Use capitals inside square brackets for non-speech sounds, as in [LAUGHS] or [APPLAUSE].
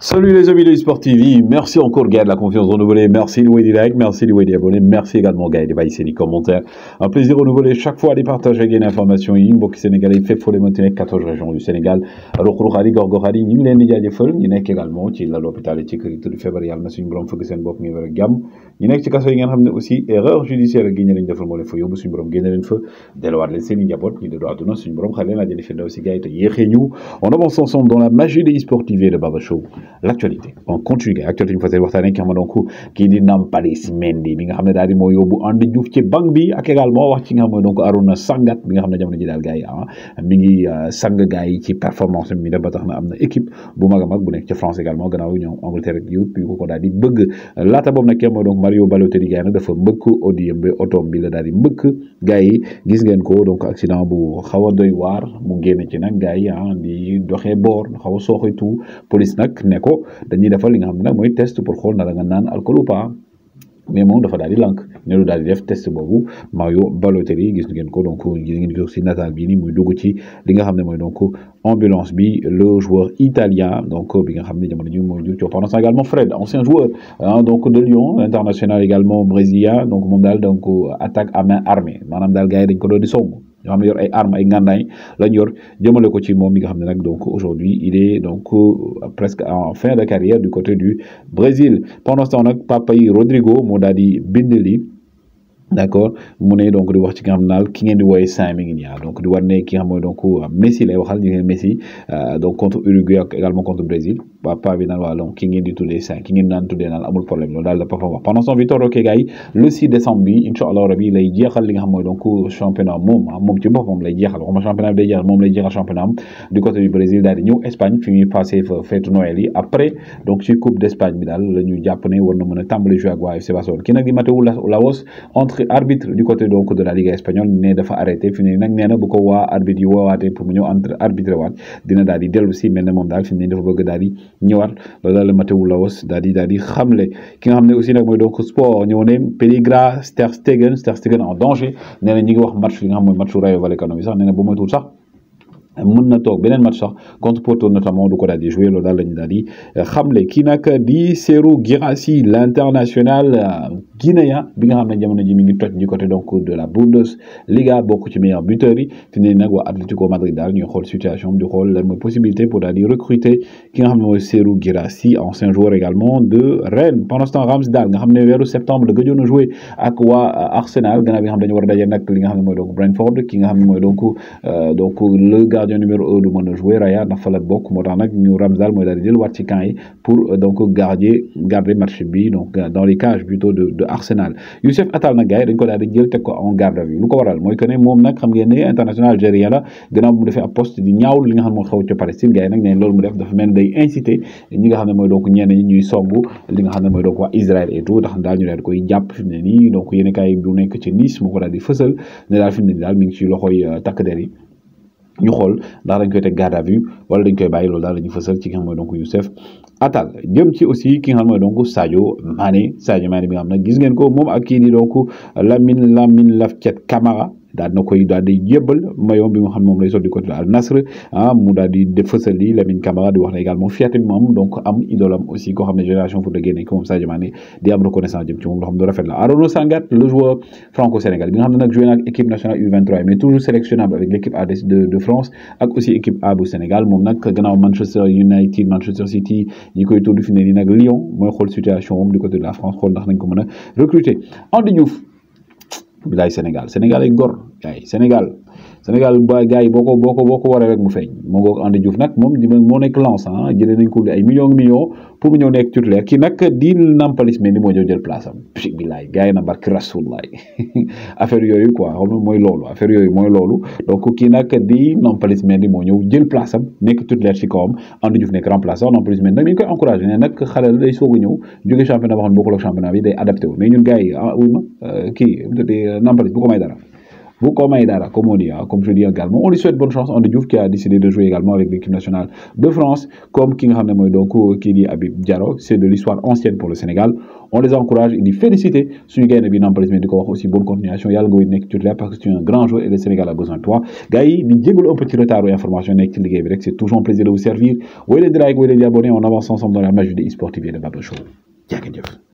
Salut les amis de Sport TV, merci encore Gaël de la confiance renouvelée, merci Louis des likes, merci Louis des abonnés, merci également Gaël des bails et des commentaires. Un plaisir renouvelé chaque fois de partager des information. Inbox sénégalais, fait folle montenegro 14 régions du Sénégal. Rokhroukhali, Gorgokhali, ñu ngi leen ñu nekk également ci lal hôpital ci kër yi tëdd feebar yàlla na suñu borom fëgg seen bopp ñu wér ak jàmm. ñu nekk ci kaso yi ngeen xam aussi erreur judiciaire génne lañ defal moo leen fa yóbbu suñu borom génne leen fa delluwaat leen seen i njaboot ñu delloo àdduna suñu borom xale laa jëlee ndaw si gars yi ñu. On avance ensemble dans la magie des Sport TV de Baba Show. l'actualité on continue actualité ñu fas yéene waxtaanee ki nga xam ne donc kii nga xam ne daal di moo yóbbu Andy Diouf ci banc bi ak également wax ci nga xam ah, mi ngi euh, sang gars ci performance mi def ba tax na am na équipe bu mag a mag bu nekk ci France également Angleterre di bëgg laata gis ngeen ko donc accident bu xaw a doy waar mu génn ci nag gars ah, di doxee boor xaw a sooxitu police nag ne ko dañuy defal li nga xam ne nag test pour xool na la nga nan alcool ou pas mais moom dafa daal di lànk ne lu daal di def test bobu mayo Balotelli gis ngeen ko donc gis ngeen ko ci natal bi ni muy dugg ci li nga xam moy donc ambulance bi le joueur italien donc bi nga xam jamono ñu mooy jóg ci pendant ça également Fred ancien joueur hein, donc de Lyon international également brésilien donc moom daal donc attaque à main armée manam dal gaay dañ ko do di songu ñoo xam ne yor ay armes ay ngànnaay lañ yor jëmale ko ci moom mi nga xam ne nag donc aujourd'hui il est donc euh, presque en fin de carrière du côté du Brésil pendant ce temps nag papa yi Rodrigo moo daal di bind lii d' accord mu ne donc di wax ci nga xam naal ki ngeen di wooye cinq mi ngi nii donc di war ne ki nga xam ne donc Messi lay waxal ñu ngi Messi euh, donc contre Uruguay ak également contre Brésil waa paa bi naan waaw ki ngeen di tuddee sa ki ngeen naan tuddee naan amul problème loolu daal la Papa wax pendant son Victor ok gars yi le décembre bi incha allah rabi lay jeexal li nga xam mooy donc championnat moom ah, moom lay jeexal moom lay jeexal championnat du côté du Brésil daal di ñëw Espagne fi muy passé fête Noël yi après donc ci coupe d' bi daal la ñu war na mën a tàmbali jouer ak waa FC Barcelone kii nag di Mateu Lahoz la Liga ñëwaat loolu daal la Laos daal di daal ki nga xam ne aussi nag mooy donc sport ñëw ne Peligra Stegen Stegen en danger nee ñi ngi wax match li nga xam mooy match Rayo Vallecano sax nee na sax mën na toog beneen match sax contre Porto notamment du ko daal di joué loolu daal la ñu daal di euh, xamle kii nag di Serhou Guirassy l' international euh, guinéen bi nga xam ne jamono ji mi ngi toj du côté donc de la bundes liga bokk ci meilleur buteur yi fi ne nag waa Atlético Madrid daal ñuy xool situation bi di xool lan mooy possibilité pour daal di recruter ki nga xam ne mooy Serhou Guirassy ancien joueur également de Rennes pendant ce temps Ramsdale nga xam ne weeru septembre la gëjoon a joué ak waa euh, Arsenal gannaaw bi nga xam dañu war a daje nag li nga xam ne mooy donc Brentford ki nga xam ne mooy donc donc le gars gardien numéro 1 du monde a jouer Raya ndax fa la bokk moo tax ñu Ramzal moy daal di delluwaat ci camp yi pour euh, donc garder garder match bi donc euh, dans les cages plutôt de de Arsenal Youssef Atal nag gay dañ ko daal di jël tek ko en garde vue lu ko waral moy que ne mom nak xam ngeen né international algérien la gannaaw mu défé ab poste di ñaawul li nga xam moo xew ci Palestine gars yi nag neen loolu mu def dafa mel day inciter ñi nga xam né moy donc ñenn ñuy songu li nga xam né moy donc wa Israël et tout ndax daal ñu daal koy japp fi mu ne donc yéen kaay bu nekk ci Nice mu ko daal di fësal ne daal fi mu ne mi ngi ci loxoy euh, tak der yi ñu xool ndax dañ koy teg garde à wala dañ koy bàyyi loolu daal dañu fësal ci ki nga xam mooy donc Youssef Atal jëm ci aussi ki nga xam mooy donc Sadio Mané Sadio Mané bi nga xam ne gis ngeen ko moom ak kii di donc Lamine Lamine Laftiette Camara daal na koy daal di yëbbal maillot bi nga xam lay du côté de Al Nasr ah mu daal di defësal li Lamine Camara di wax na également fierté bi donc am idolam aussi koo xam ne génération pour de gagner comme Sadio Mané di am reconnaissance jëm ci moom loo xam ne rafet la Arnaud Sangat le joueur franco-sénégal bi nga xam ne nag joué équipe nationale U23 mais toujours sélectionnable avec l'équipe A de de France ak aussi équipe A bu Sénégal moom nag gannaaw Manchester United Manchester City ñi koy tudd fi ne nii nag Lyon mooy xool situation moom du côté de la France xool ndax nañ ko mën a recruter Andy Diouf bilaay Sénégal Sénégal ay gor gars yi Sénégal Sénégal ba gars yi boo ko boo ko boo ko waree rek mu feeñ moo ngoog André Diouf nag moom moo nekk lance ah jëlee nañ ko ay millions millions pour mu ñëw nekk titulaire kii nag di Nampalys Mendy moo [LAUGHS] yooyu quoi xam nga loolu affaire yooyu mooy loolu donc kii nag di Nampalys Mendy moo ñëw jël place am nekk titulaire ci kawam André Diouf nekk remplaçant Nampalys Mendy nag dañ koy encouragé ne xale la day ñëw jóge championnat boo xam ne bokkul ak championnat bi day adapté wu ñun gars yi ah wuy ma euh, kii euh, ko may dara vous comme Aïdara, comme on dit, comme je dis également. On lui souhaite bonne chance. On dit Diouf qui a décidé de jouer également avec l'équipe nationale de France, comme King Hanemoy Donko euh, qui dit Abib Diarok. C'est de l'histoire ancienne pour le Sénégal. On les encourage et dit félicite. Si vous avez bien mais de aussi bonne continuation. Yal Goy Nek Turla parce que tu es un grand joueur et le Sénégal a besoin de toi. Gaï, Diego, un petit retard aux informations Nek C'est toujours un plaisir de vous servir. Vous les likes, vous les abonnés. On avance ensemble dans la magie des e-sportifs et de Babachou. Diakendief.